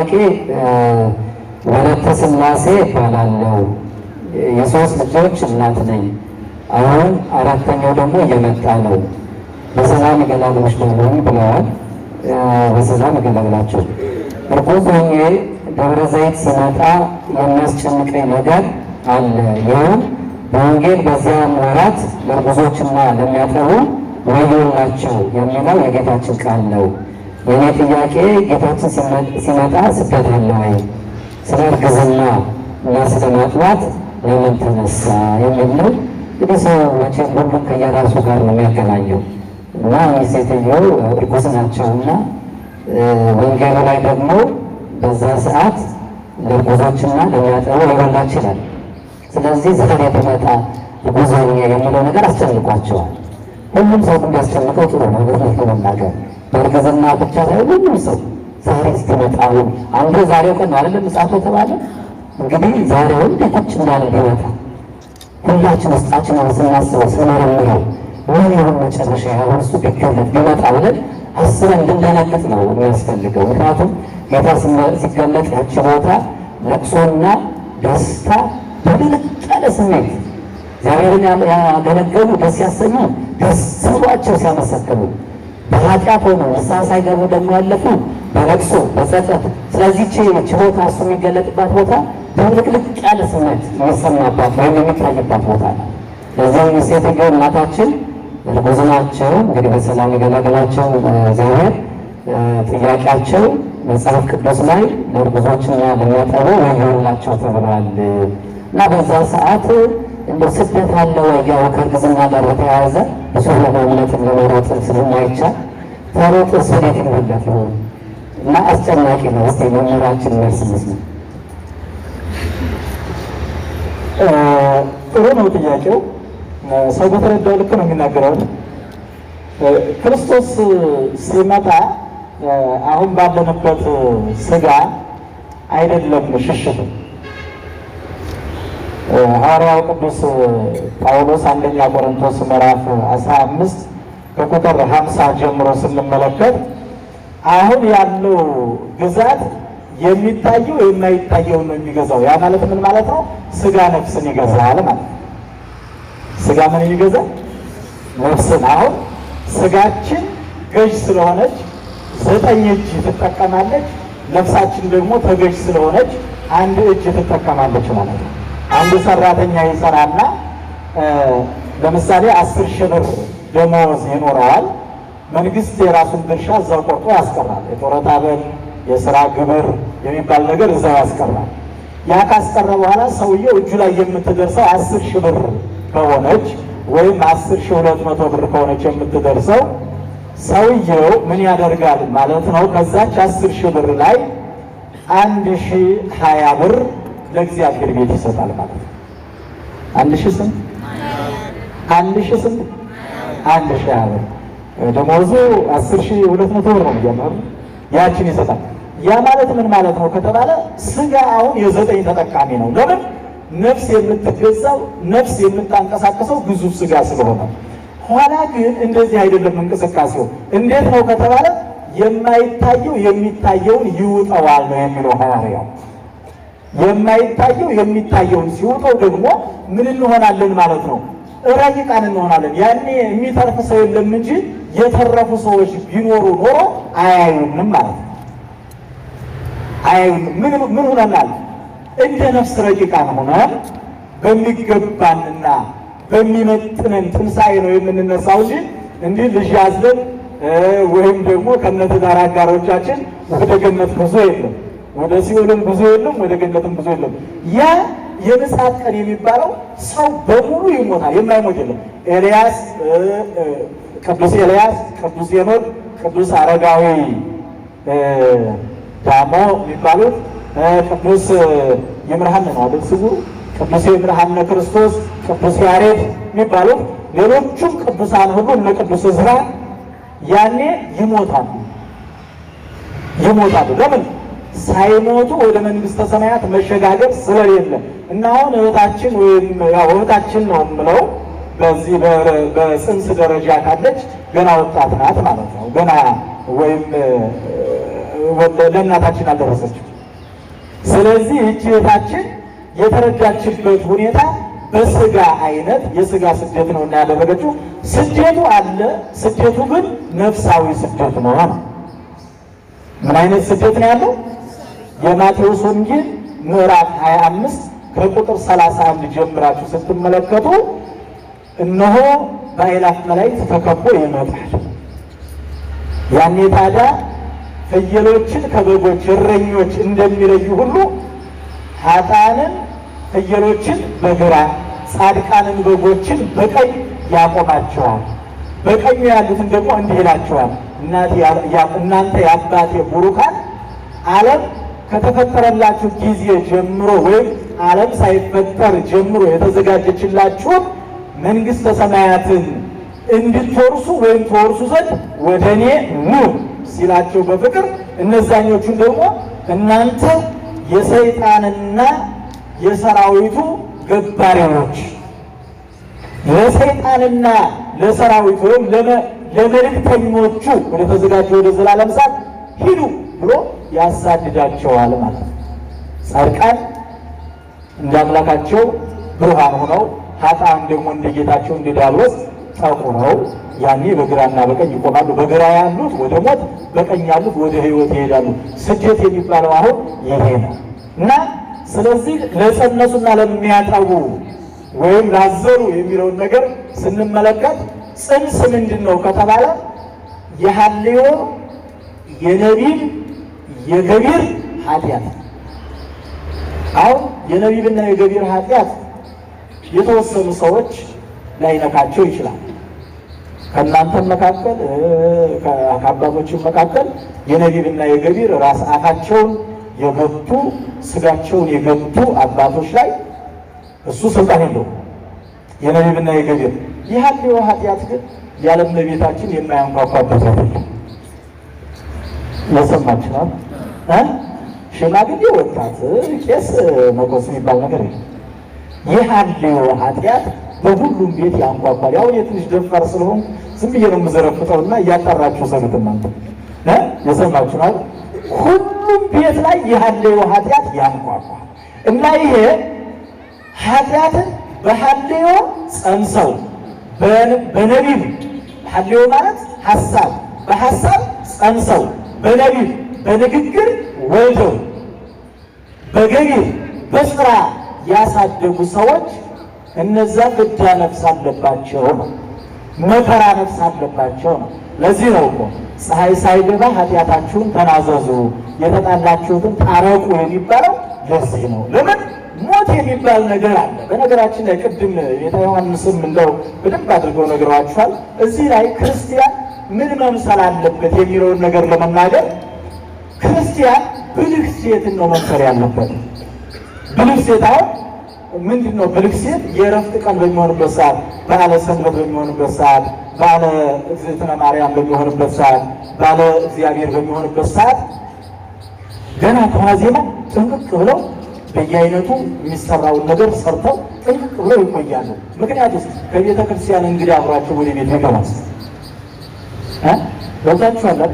አስታራቂ ወለተ ስላሴ እባላለሁ። የሶስት ልጆች እናት ነኝ። አሁን አራተኛው ደግሞ እየመጣ ነው። በሰላም ይገላግሎች ደሆኑ ብለዋል። በሰላም ይገላግላቸው። እርጉዝ ሆኜ ደብረ ዘይት ስመጣ የሚያስጨንቀኝ ነገር አለ። ይህም በወንጌል በዚያም ወራት ለእርጉዞችና ለሚያጠቡ ወዮላቸው የሚለው የጌታችን ቃል ነው። የኔ ጥያቄ ጌታችን ሲመጣ ስብከት አለ ወይ? ስለ እርግዝና እና ስለ ማጥባት ለምን ተነሳ የሚል ነው። እንግዲህ ሰው መቼም ሁሉም ከየራሱ ጋር ነው የሚያገናኘው እና ሴትዮ እርጉዝ ናቸው እና ወንጌሉ ላይ ደግሞ በዛ ሰዓት ለእርጉዞችና ለሚያጠቡ ሊበላች ይላል። ስለዚህ ዛሬ ብመጣ እርጉዝ የሚለው ነገር አስጨንቋቸዋል። ሁሉም ሰው እንዲያስጨንቀው ጥሩ ነው ለመናገር በእርግዝና ብቻ ሳይሆን ሁሉም ሰው ዛሬ ስትመጣው አንዱ ዛሬ ቀን አይደለም ምጽአቱ የተባለ እንግዲህ ዛሬውን ቤታችን እንዳለ ሊመጣ ሁላችን ውስጣችንን ስናስበው ስንመረምረው ምን ይሁን መጨረሻ ያሁን እሱ ቢገለጥ ቢመጣ ብለን አስበን እንድንደነግጥ ነው የሚያስፈልገው። ምክንያቱም ጌታ ሲገለጥ ያቺ ቦታ ለቅሶና ደስታ በገለጠለ ስሜት እግዚአብሔርን ያገለገሉ ደስ ያሰኙ ደስ ብሏቸው ሲያመሰክሩ በኃጢአት ሆኖ እሳ ሳይገቡ ደግሞ ያለፉ በረግሶ በጸጸት። ስለዚህ ችቦታ እሱ የሚገለጥባት ቦታ ድብልቅልቅ ያለ ስሜት የሚሰማባት ወይም የሚታይባት ቦታ ነው። ለዚህም ሴትዮ እናታችን እርጉዝ እንግዲህ በሰላም የገላገላቸው እግዚአብሔር ጥያቄያቸው መጽሐፍ ቅዱስ ላይ ለእርጉዞችና ለሚያጠቡ ወዮላቸው ተብሏል እና በዛ ሰዓት እንደ ስደት አለ ወይ? ያው ከእርግዝና ጋር በተያያዘ እሱ ስለማይቻል ስደት ይሆንለት ነው እና አስጨናቂ ነው። መምህራችን ጥሩ ነው ጥያቄው። ሰው በተረዳው ልክ ነው የሚናገረው። ክርስቶስ ሲመጣ አሁን ባለንበት ስጋ አይደለም ሽሽቱ ሐዋርያው ቅዱስ ጳውሎስ አንደኛ ቆሮንቶስ ምዕራፍ 15 ከቁጥር 50 ጀምሮ ስንመለከት አሁን ያለው ግዛት የሚታየው የማይታየው ነው የሚገዛው። ያ ማለት ምን ማለት ነው? ስጋ ነፍስን ይገዛል ማለት ነው። ስጋ ምን ይገዛ? ነፍስን። አሁን ስጋችን ገዥ ስለሆነች ዘጠኝ እጅ ትጠቀማለች፣ ነፍሳችን ደግሞ ተገዥ ስለሆነች አንድ እጅ ትጠቀማለች ማለት ነው። አንድ ሰራተኛ ይሰራና ለምሳሌ አስር ሺህ ብር ደመወዝ ይኖረዋል። መንግስት የራሱን ድርሻ እዛው ቆርጦ ያስቀራል። የጡረታ የስራ ግብር የሚባል ነገር እዛው ያስቀራል። ያ ካስቀረ በኋላ ሰውየው እጁ ላይ የምትደርሰው አስር ሺህ ብር ከሆነች ወይም አስር ሺህ ሁለት መቶ ብር ከሆነች የምትደርሰው ሰውየው ምን ያደርጋል ማለት ነው? ከዛች አስር ሺህ ብር ላይ አንድ ሺህ ሀያ ብር ለእግዚአብሔር ቤት ይሰጣል ማለት ነው። አንድ ሺህ ስንት አንድ ሺህ ስንት አንድ ሺህ ያለ ደሞዙ አስር ሺህ ሁለት መቶ ብር ነው የሚያመሩ ያችን ይሰጣል። ያ ማለት ምን ማለት ነው ከተባለ ስጋ አሁን የዘጠኝ ተጠቃሚ ነው። ለምን ነፍስ የምትገዛው ነፍስ የምታንቀሳቀሰው ግዙፍ ስጋ ስለሆነ። ኋላ ግን እንደዚህ አይደለም እንቅስቃሴው። እንዴት ነው ከተባለ የማይታየው የሚታየውን ይውጠዋል ነው የሚለው ሐዋርያው። የማይታየው የሚታየውን ሲውጠው ደግሞ ምን እንሆናለን ማለት ነው? ረቂቃን እንሆናለን። ያኔ የሚተርፍ ሰው የለም እንጂ የተረፉ ሰዎች ቢኖሩ ኖሮ አያዩንም ማለት ነው። አያዩንም። ምን ሆነናል? እንደ ነፍስ ረቂቃን ሆነን በሚገባንና በሚመጥነን ትንሣኤ ነው የምንነሳው እንጂ እንዲህ ልጅ አዝለን ወይም ደግሞ ከእምነት ዳር አጋሮቻችን ወደ ገነት ጉዞ የለም። ወደ ሲኦልም ብዙ የለም፣ ወደ ገነትም ብዙ የለም። ያ የምጽአት ቀን የሚባለው ሰው በሙሉ ይሞታል፣ የማይሞት የለም። ኤልያስ፣ ቅዱስ ኤልያስ፣ ቅዱስ ሄኖክ፣ ቅዱስ አረጋዊ ዳሞ የሚባሉት ቅዱስ የምርሃነ ነው አይደል ስሙ ቅዱስ የምርሃነ ክርስቶስ፣ ቅዱስ ያሬድ የሚባሉት ሌሎቹም ቅዱሳን ሁሉ እነ ቅዱስ ያኔ ይሞታሉ ይሞታሉ ለምን ሳይሞቱ ወደ መንግስተ ሰማያት መሸጋገር ስለሌለ እና አሁን እህታችን ወይም ያው እህታችን ነው የምለው በዚህ በጽንስ ደረጃ ካለች ገና ወጣት ናት ማለት ነው። ገና ወይም ለእናታችን አልደረሰችም። ስለዚህ እጅ እህታችን የተረዳችበት ሁኔታ በስጋ አይነት የስጋ ስደት ነው እና ያደረገችው ስደቱ አለ። ስደቱ ግን ነፍሳዊ ስደት ነው። ምን አይነት ስደት ነው ያለው? የማቴዎስ ወንጌል ምዕራፍ 25 ከቁጥር 31 ጀምራችሁ ስትመለከቱ እነሆ በአእላፍ መላእክት ተከቦ ይመጣል። ያኔ ታዲያ ፍየሎችን ከበጎች እረኞች እንደሚለዩ ሁሉ ኃጥአንን ፍየሎችን በግራ ጻድቃንን በጎችን በቀኝ ያቆማቸዋል። በቀኙ ያሉትን ደግሞ እንዲህ ይላቸዋል፣ እናንተ የአባቴ ቡሩካን ዓለም ከተፈጠረላችሁ ጊዜ ጀምሮ ወይም ዓለም ሳይፈጠር ጀምሮ የተዘጋጀችላችሁን መንግሥተ ሰማያትን እንድትወርሱ ወይም ተወርሱ ዘንድ ወደ እኔ ኑ ሲላቸው በፍቅር እነዛኞቹን ደግሞ እናንተ የሰይጣንና የሰራዊቱ ገባሪዎች ለሰይጣንና ለሰራዊቱ ወይም ለመልእክተኞቹ ወደ ተዘጋጀ ወደ ዘላለም እሳት ሂዱ ብሎ ያሳድዳቸዋል ማለት ነው። ጻድቃን እንደ አምላካቸው ብርሃን ሆነው ኃጥአን ደግሞ እንደ ጌታቸው እንደ ዲያብሎስ ጠቁ ነው። ያኔ በግራና በቀኝ ይቆማሉ። በግራ ያሉት ወደ ሞት፣ በቀኝ ያሉት ወደ ሕይወት ይሄዳሉ። ስደት የሚባለው አሁን ይሄ ነው እና ስለዚህ ለጸነሱና ለሚያጠቡ ወይም ላዘሩ የሚለውን ነገር ስንመለከት ጽንስ ምንድን ነው ከተባለ የሐልዮ የነቢብ የገቢር ኃጢአት አሁን የነቢብና የገቢር ኃጢአት የተወሰኑ ሰዎች ላይነካቸው ይችላል። ከእናንተም መካከል ከአባቶችም መካከል የነቢብና የገቢር ራስ አፋቸውን የገቱ ስጋቸውን የገቱ አባቶች ላይ እሱ ስልጣን የለውም። የነቢብና የገቢር ይህ ኃጢአት ግን ያለም ለቤታችን የማያንኳኳበት አይደለም። ያሰማችኋል። ሽማግሌ፣ ወጣት፣ ቄስ፣ መቆስ የሚባል ነገር የለም። ይህ ኃጢአት በሁሉም ቤት ያንኳኳል። ያው የትንሽ ደፋር ስለሆን ዝም ብዬ ነው እና እያጣራችሁ ያሰማችኋል። ሁሉም ቤት ላይ ይህ ያለው ኃጢአት ያንኳኳል እና ይሄ ኃጢአትን በሐሌዮ ጸንሰው በነቢብ ሐሌዮ ማለት ሀሳብ በሀሳብ ጸንሰው በነቢብ በንግግር ወልደው በገቢ በስራ ያሳደጉ ሰዎች እነዛ ፍዳ ነፍስ አለባቸው ነው፣ መከራ ነፍስ አለባቸው ነው። ለዚህ ነው እኮ ፀሐይ ሳይገባ ኃጢአታችሁን ተናዘዙ፣ የተጣላችሁትን ታረቁ የሚባለው ለዚህ ነው። ለምን ሞት የሚባል ነገር አለ። በነገራችን ላይ ቅድም ቤተ ዮሐንስም እንደው በደንብ አድርገው ነግረዋችኋል። እዚህ ላይ ክርስቲያን ምን መምሰል አለበት የሚለውን ነገር ለመናገር ክርስቲያን ብልህ ሴትን ነው መምሰል ያለበት። ብልህ ሴት አሁን ምንድን ነው? ብልህ ሴት የእረፍት ቀን በሚሆንበት ሰዓት፣ በዓለ ሰንበት በሚሆንበት ሰዓት፣ በዓለ እግዝእትነ ማርያም በሚሆንበት ሰዓት፣ በዓለ እግዚአብሔር በሚሆንበት ሰዓት ገና ከዋዜማ ጥንቅቅ ብለው በየአይነቱ የሚሰራውን ነገር ሰርተው ጥንቅቅ ብለው ይቆያሉ። ምክንያቱም ከቤተ ክርስቲያን እንግዲህ አብሯቸው ወደ ቤት ይገባል። ገብታችኋል።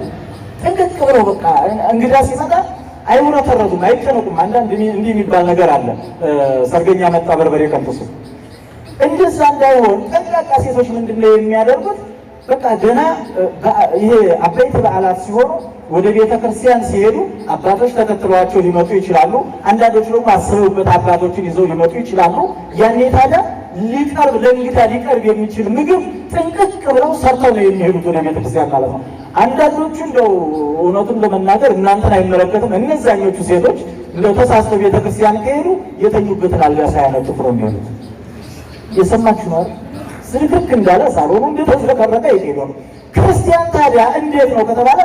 ጥንቅቅ ብሎ በቃ እንግዳ ሲመጣ አይሞረተረቱም፣ አይጨነቁም። አንዳንድ እንዲህ የሚባል ነገር አለ፣ ሰርገኛ መጣ በርበሬ ቀምሱ። እንደዛ እንዳይሆን ጠንቃቃ ሴቶች ምንድን ነው የሚያደርጉት? በቃ ገና ይሄ አበይት በዓላት ሲሆኑ ወደ ቤተ ክርስቲያን ሲሄዱ አባቶች ተከትለዋቸው ሊመጡ ይችላሉ። አንዳንዶች ደግሞ አስበውበት አባቶችን ይዘው ሊመጡ ይችላሉ። ያኔ ታዲያ ሊቀርብ ለእንግዳ ሊቀርብ የሚችል ምግብ ጥንቅቅ ብለው ሰርተው ነው የሚሄዱት ወደ ቤተክርስቲያን ማለት ነው። አንዳንዶቹ እንደው እውነቱን ለመናገር እናንተን አይመለከትም። እነዛኞቹ ሴቶች እንደው ተሳስተው ቤተክርስቲያን ከሄዱ የተኙበትን አልጋ ሳያነጥፉ ጥፍሮ የሚሄዱት። የሰማችሁ ነው። ስልክክ እንዳለ ሳሎኑ እንደተዝረከረከ የሄዱ ክርስቲያን ታዲያ እንዴት ነው ከተባለ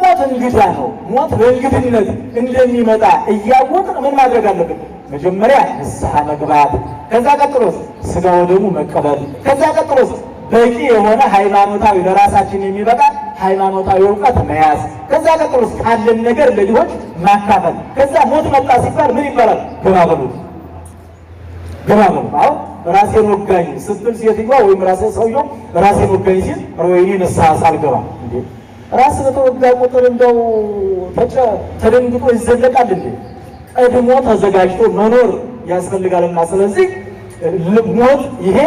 ሞት እንግዳ ነው። ሞት በእንግድነት እንደሚመጣ እያወቅን ምን ማድረግ አለብን? መጀመሪያ ንስሐ መግባት ከዛ ቀጥሎስ ስጋ ወደሙ መቀበል። ከዛ ቀጥሎስ በቂ የሆነ ሃይማኖታዊ ለራሳችን የሚበቃ ሃይማኖታዊ እውቀት መያዝ። ከዛ ቀጥሎስ ካለን ነገር ለድሆች ማካፈል። ከዛ ሞት መጣ ሲባል ምን ይባላል? ግባ በሉ ግባ በሉ። አሁን ራሴን ወጋኝ ስትል ሴትዮዋ ወይም ራሴ ሰውየው ራሴን ወጋኝ ሲል ወይኔ ንስሐ ሳልገባ ራስ በተወጋ ቁጥር እንደው ተደንግጦ ይዘለቃል እንዴ? ቀድሞ ተዘጋጅቶ መኖር ያስፈልጋልና ስለዚህ ሞት ይሄ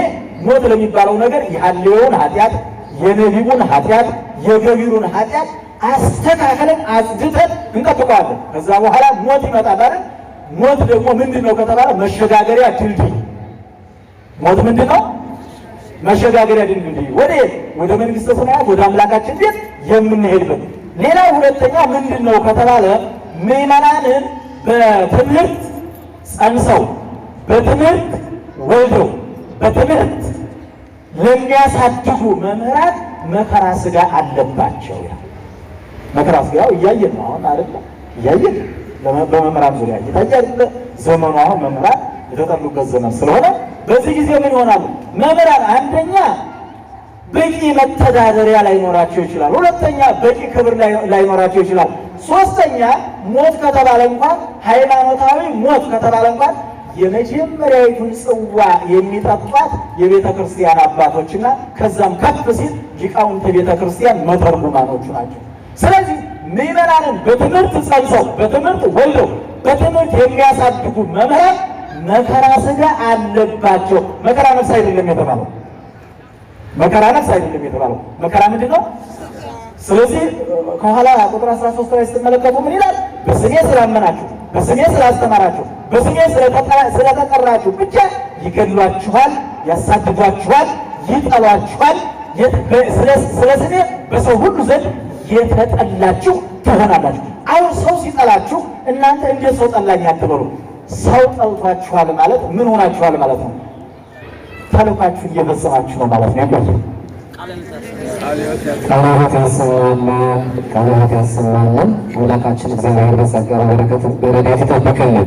ሞት ለሚባለው ነገር የሐሌውን ኃጢአት የነቢቡን ኃጢአት የገቢሩን ኃጢአት አስተካከለን አጽድተን እንጠብቀዋለን። ከዛ በኋላ ሞት ይመጣል አይደል? ሞት ደግሞ ምንድን ነው ከተባለ መሸጋገሪያ ድልድይ። ሞት ምንድን ነው? መሸጋገሪያ ድልድይ። ወደ ወደ መንግሥተ ሰማያት ወደ አምላካችን ቤት የምንሄድበት። ሌላ ሁለተኛ ምንድን ነው ከተባለ ምዕመናንን በትምህርት ጸንሰው በትምህርት ወልደው በትምህርት ለሚያሳድጉ መምህራት መከራ ስጋ አለባቸው። መከራ ስጋው እያየን ነው አሁን አይደለም፣ እያየን በመምህራን ዙሪያ እየታያለ ዘመኑ አሁን መምህራን የተጠሉበት ዘመን ስለሆነ በዚህ ጊዜ ምን ይሆናሉ? መምህራን አንደኛ በቂ መተዳደሪያ ላይኖራቸው ይችላል። ሁለተኛ በቂ ክብር ላይኖራቸው ይችላል። ሶስተኛ ሞት ከተባለ እንኳን ሃይማኖታዊ ሞት ከተባለ እንኳን የመጀመሪያዊቱን ጽዋ የሚጠጧት የቤተ ክርስቲያን አባቶችና ከዛም ከፍ ሲል ሊቃውንተ ቤተ ክርስቲያን መተርጉማኖቹ ናቸው። ስለዚህ ምዕመናንን በትምህርት ጸንሰው በትምህርት ወልደው በትምህርት የሚያሳድጉ መምህራን መከራ ስጋ አለባቸው። መከራ ነፍስ አይደለም የተባለው መከራ ነፍስ አይደለም የተባለው መከራ ምንድን ነው? ስለዚህ ከኋላ ቁጥር 13 ላይ ስትመለከቱ ምን ይላል? በስሜ ስላመናችሁ፣ በስሜ ስላስተማራችሁ፣ በስሜ ስለተጠራችሁ ብቻ ይገድሏችኋል፣ ያሳድዷችኋል፣ ይጠሏችኋል። ስለ ስሜ በሰው ሁሉ ዘንድ የተጠላችሁ ትሆናላችሁ። አሁን ሰው ሲጠላችሁ እናንተ እንዴት ሰው ጠላኝ አትበሉ። ሰው ጠልቷችኋል ማለት ምን ሆናችኋል ማለት ነው? ተልኳችሁ እየፈጸማችሁ ነው ማለት ነው። ቃላት ያሰማል ቃላት ያሰማል። አምላካችን እግዚአብሔር በጸጋው በረከት በረዳት ይጠብቀናል።